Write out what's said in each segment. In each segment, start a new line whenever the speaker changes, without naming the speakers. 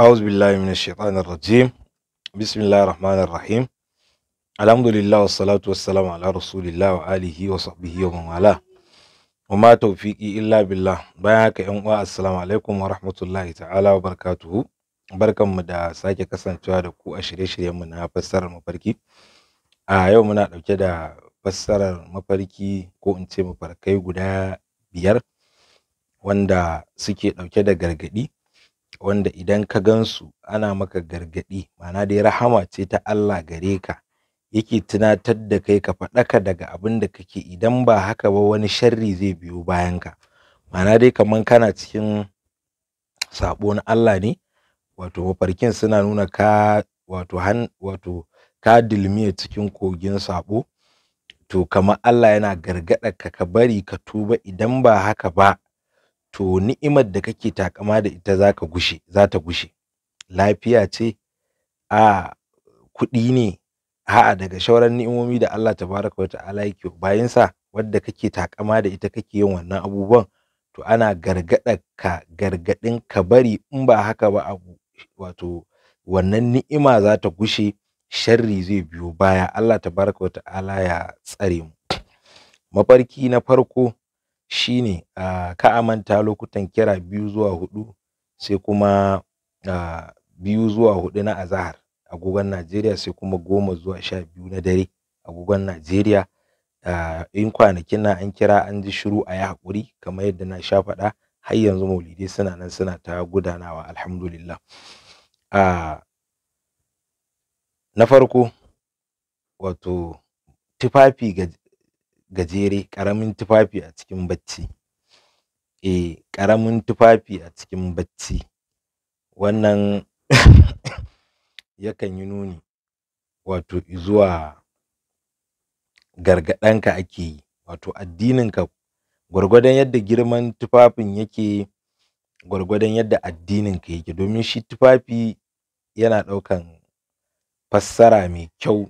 أعوذ بالله من الشيطان الرجيم بسم الله الرحمن الرحيم الحمد لله والصلاة والسلام على رسول الله وآله وصحبه ومن والاه وما توفيقي إلا بالله بياك يا السلام عليكم ورحمة الله تعالى وبركاته barkanmu da sake kasancewa da ku a shirye-shiryenmu na fassarar mafarki a yau muna ɗauke da fassarar mafarki ko in ce mafarkai guda biyar wanda suke ɗauke da gargaɗi wanda idan ka gansu ana maka gargaɗi ma'ana dai rahama ce ta Allah gare ka yake tunatar da kai ka faɗaka daga abin da kake idan ba haka ba wani sharri zai biyo bayan ka mana dai kaman kana cikin sabo na Allah ne wato mafarkin suna nuna ka wato han wato ka dilmiye cikin kogin sabo to kamar Allah yana gargaɗa ka ka bari ka tuba idan ba haka ba to ni'imar da kake takama da ita zaka gushe zata gushe lafiya ce a kuɗi ne a'a daga shauran ni'imomi da Allah tabaraka ta'ala yake Bayan sa wadda kake takama da ita kake yin wannan abubuwan to ana gargada ka gargadin ka bari in ba haka ba abu wato wannan ni'ima za ta gushe sharri zai biyo baya Allah tabaraka ta'ala ya tsare mu mafarki na farko shine uh, ka a manta lokutan kira biyu zuwa hudu sai kuma biyu zuwa hudu na azahar agogon Najeriya sai kuma goma zuwa sha biyu na dare agogon Najeriya uh, in kwanakin na an kira an ji shiru a yi haƙuri kamar yadda na sha faɗa har yanzu maulidai suna nan suna ta gudanawa alhamdulillah uh, na farko wato tufafi ga gajere ƙaramin tufafi a cikin bacci eh ƙaramin tufafi a cikin bacci wannan yakan yi nuni wato zuwa gargaɗanka ake yi wato addininka gwargwadon yadda girman tufafin yake gwargwadon yadda addininka yake domin shi tufafi yana ɗaukan fassara mai kyau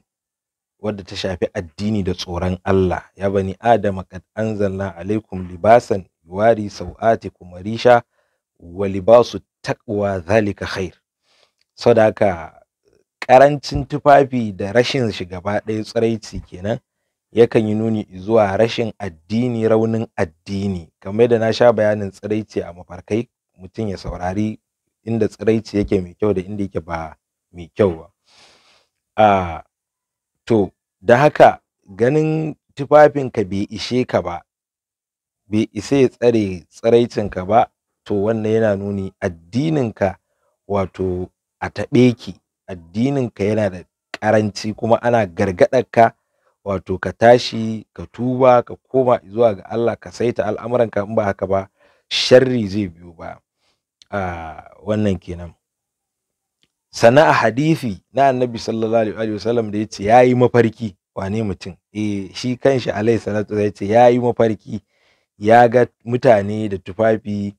wadda ta shafi addini da tsoron Allah ya bani adama kad anzalna alaikum libasan yuwari kuma risha wa libasu taqwa zalika khair Sadaka, ƙarancin karancin tufafi da rashin shi gaba ɗaya tsiraici kenan yakan yi nuni zuwa rashin addini raunin addini kamar da na sha bayanin tsiraici a mafarkai mutum ya saurari inda tsiraici yake mai kyau da inda yake ba mai kyau ba ah, to da haka ganin tufafinka bai ishe ka ba bai isa ya tsare tsaraicinka ba to wannan yana nuni addininka wato a taɓe ki addininka yana da ƙaranci kuma ana ka wato ka tashi ka tuba ka koma zuwa ga Allah ka saita al'amuranka in ba haka ba sharri zai biyo ba ah, wannan kenan sana a hadisi na annabi sallallahu alaihi wasallam da yace yayi mafarki wane mutum eh shi kanshi alaihi salatu yace yayi mafarki ya ga mutane da tufafi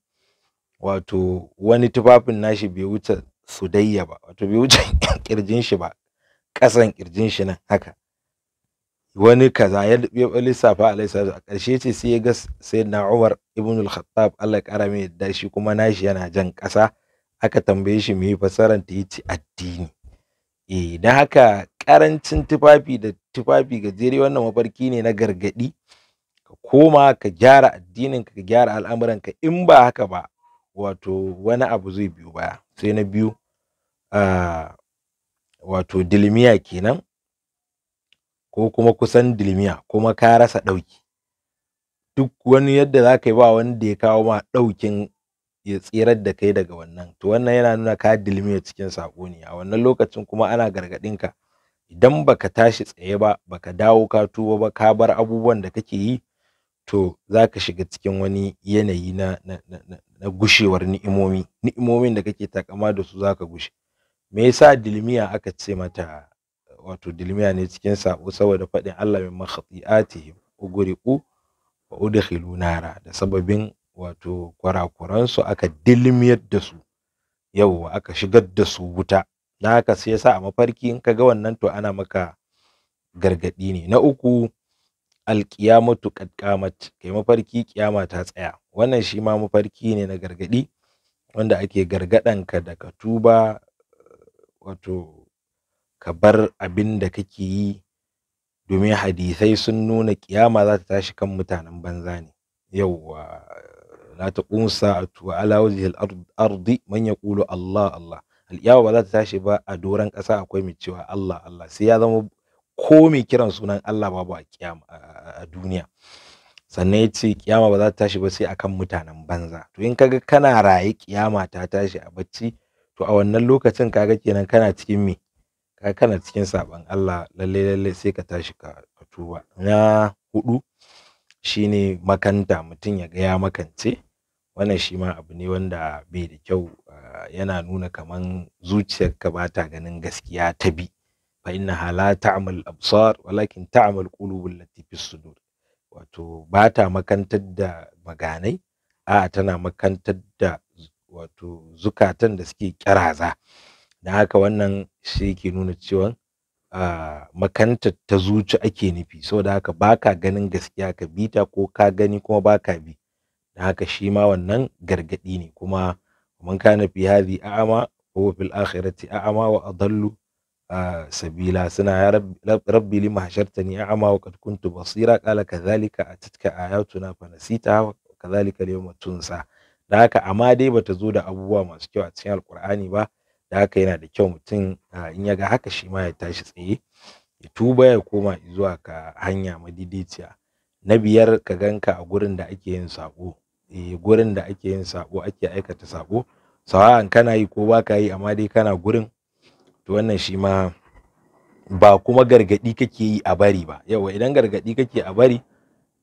wato wani tufafin nashi bai wuce sudayya ba wato bai wuce kirjin shi ba kasan kirjin shi nan haka wani kaza ya lissafa alaihi salatu a karshe ce sai ya ga sayyidina Umar ibn al-Khattab Allah ya kara mai shi kuma nashi yana jan kasa aka tambaye shi me fasaran ta yace addini eh dan haka karancin tufafi da tufafi gajere wannan mafarki ne na gargadi ka koma ka gyara addinin ka gyara al'amuran ka in ba haka ba wato wani abu zai biyo baya sai na biyu ah, wato dilmiya kenan ko kuma kusan dilmiya kuma ka rasa ɗauki duk wani yadda za yi ba wanda ya kawo ma ɗaukin ya tsirar da kai daga wannan to wannan yana nuna ka dilmiya cikin sako ne a wannan lokacin kuma ana gargadin ka idan baka tashi tsaye ba baka dawo ka tuba ba ka bar abubuwan da kake yi to zaka shiga cikin wani yanayi na na, gushewar ni'imomi ni'imomin da kake takama da su zaka gushe me yasa dilmiya aka ce mata wato dilmiya ne cikin sako saboda faɗin Allah min makhati'atihim ugriqu wa udkhilu nara da sababin wato kurakuransu aka dilmiyar da su yau aka shigar da su wuta na haka sai yasa a mafarki in ka ga wannan to ana maka gargadi ne na uku alƙiyamatu ƙadƙamat kai mafarki ƙiyama ta tsaya wannan shi ma mafarki ne na gargadi. wanda ake ka da ka tuba wato ka bar abin da kake yi domin hadisai sun nuna ƙiyama za ta tashi kan mutanen banza ne yauwa la ta wa ala wajhi al-ardi man yaqulu Allah Allah al ba za ta tashi ba a doran ƙasa akwai mai cewa Allah Allah sai ya zama ko mai kiran sunan Allah babu a duniya sannan ya ce kiyama ba za ta tashi ba sai akan mutanen banza to in kaga kana raye kiyama ta tashi a bacci to a wannan lokacin kaga kenan kana cikin me kaga kana cikin saban Allah lalle lalle sai ka tashi ka tuba na hudu shine makanta mutum ya ga ya makance wannan shi ma abu ne wanda bai da kyau yana nuna kaman zuciyarka ba ta ganin gaskiya ta bi fa inna hala ta'mal absar walakin ta'mal qulubul allati fi sudur wato ba ta makantar da maganai a tana makantar da wato zukatan da suke kyaraza dan haka wannan shi ke nuna cewa a makantar ta zuci ake nufi saboda haka baka ganin gaskiya ka bi ta ko ka gani kuma baka bi da haka shi ma wannan gargadi ne kuma man kana fi hadhi a'ama wa fil akhirati a'ama wa adallu sabila suna ya rabbi lima hashartani a'ama wa qad kuntu basira qala kadhalika atatka ayatuna fa nasita wa kadhalika al-yawma tunsa da haka amma dai bata zo da abubuwa masu kyau a cikin alqur'ani ba da haka yana da kyau mutum in ya ga haka shi ma ya tashi tsaye ya tuba ya koma zuwa ka hanya madidiciya na biyar ka ganka a gurin da ake yin sako eh gurin da ake yin sako ake aikata sako sawa'an kana yi ko baka yi amma dai kana gurin to wannan shi ma ba kuma gargadi kake yi a bari ba yawa idan gargadi kake a bari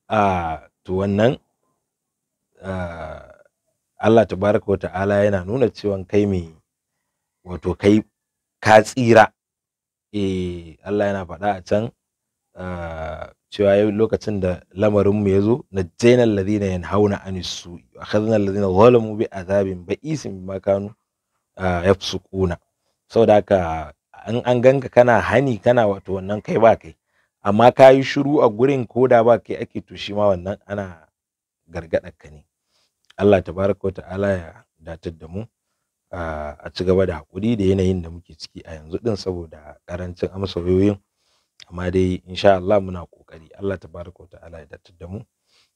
a to wannan Allah tabaraka ta'ala yana nuna cewa kai mai wato kai ka tsira eh Allah yana faɗa a can Ah, cewa yau lokacin da lamarinmu ya zo na jainan ladina yan hauna an su a kazanar ladina zalamu bi azabin ba isin bi makanu ah, saboda haka in an ganka kana hani kana wato wannan kai ba kai amma ka yi shiru a gurin ko da ba kai ake to shi ma wannan ana gargaɗa ka ne Allah tabaraka wa ta'ala ya datar da mu ah, a ci gaba da haƙuri da yanayin da muke ciki a yanzu din saboda ƙarancin amsa wayoyin amma dai insha Allah muna ƙoƙari Allah tabaraka wa ta'ala ya da mu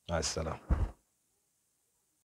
assalam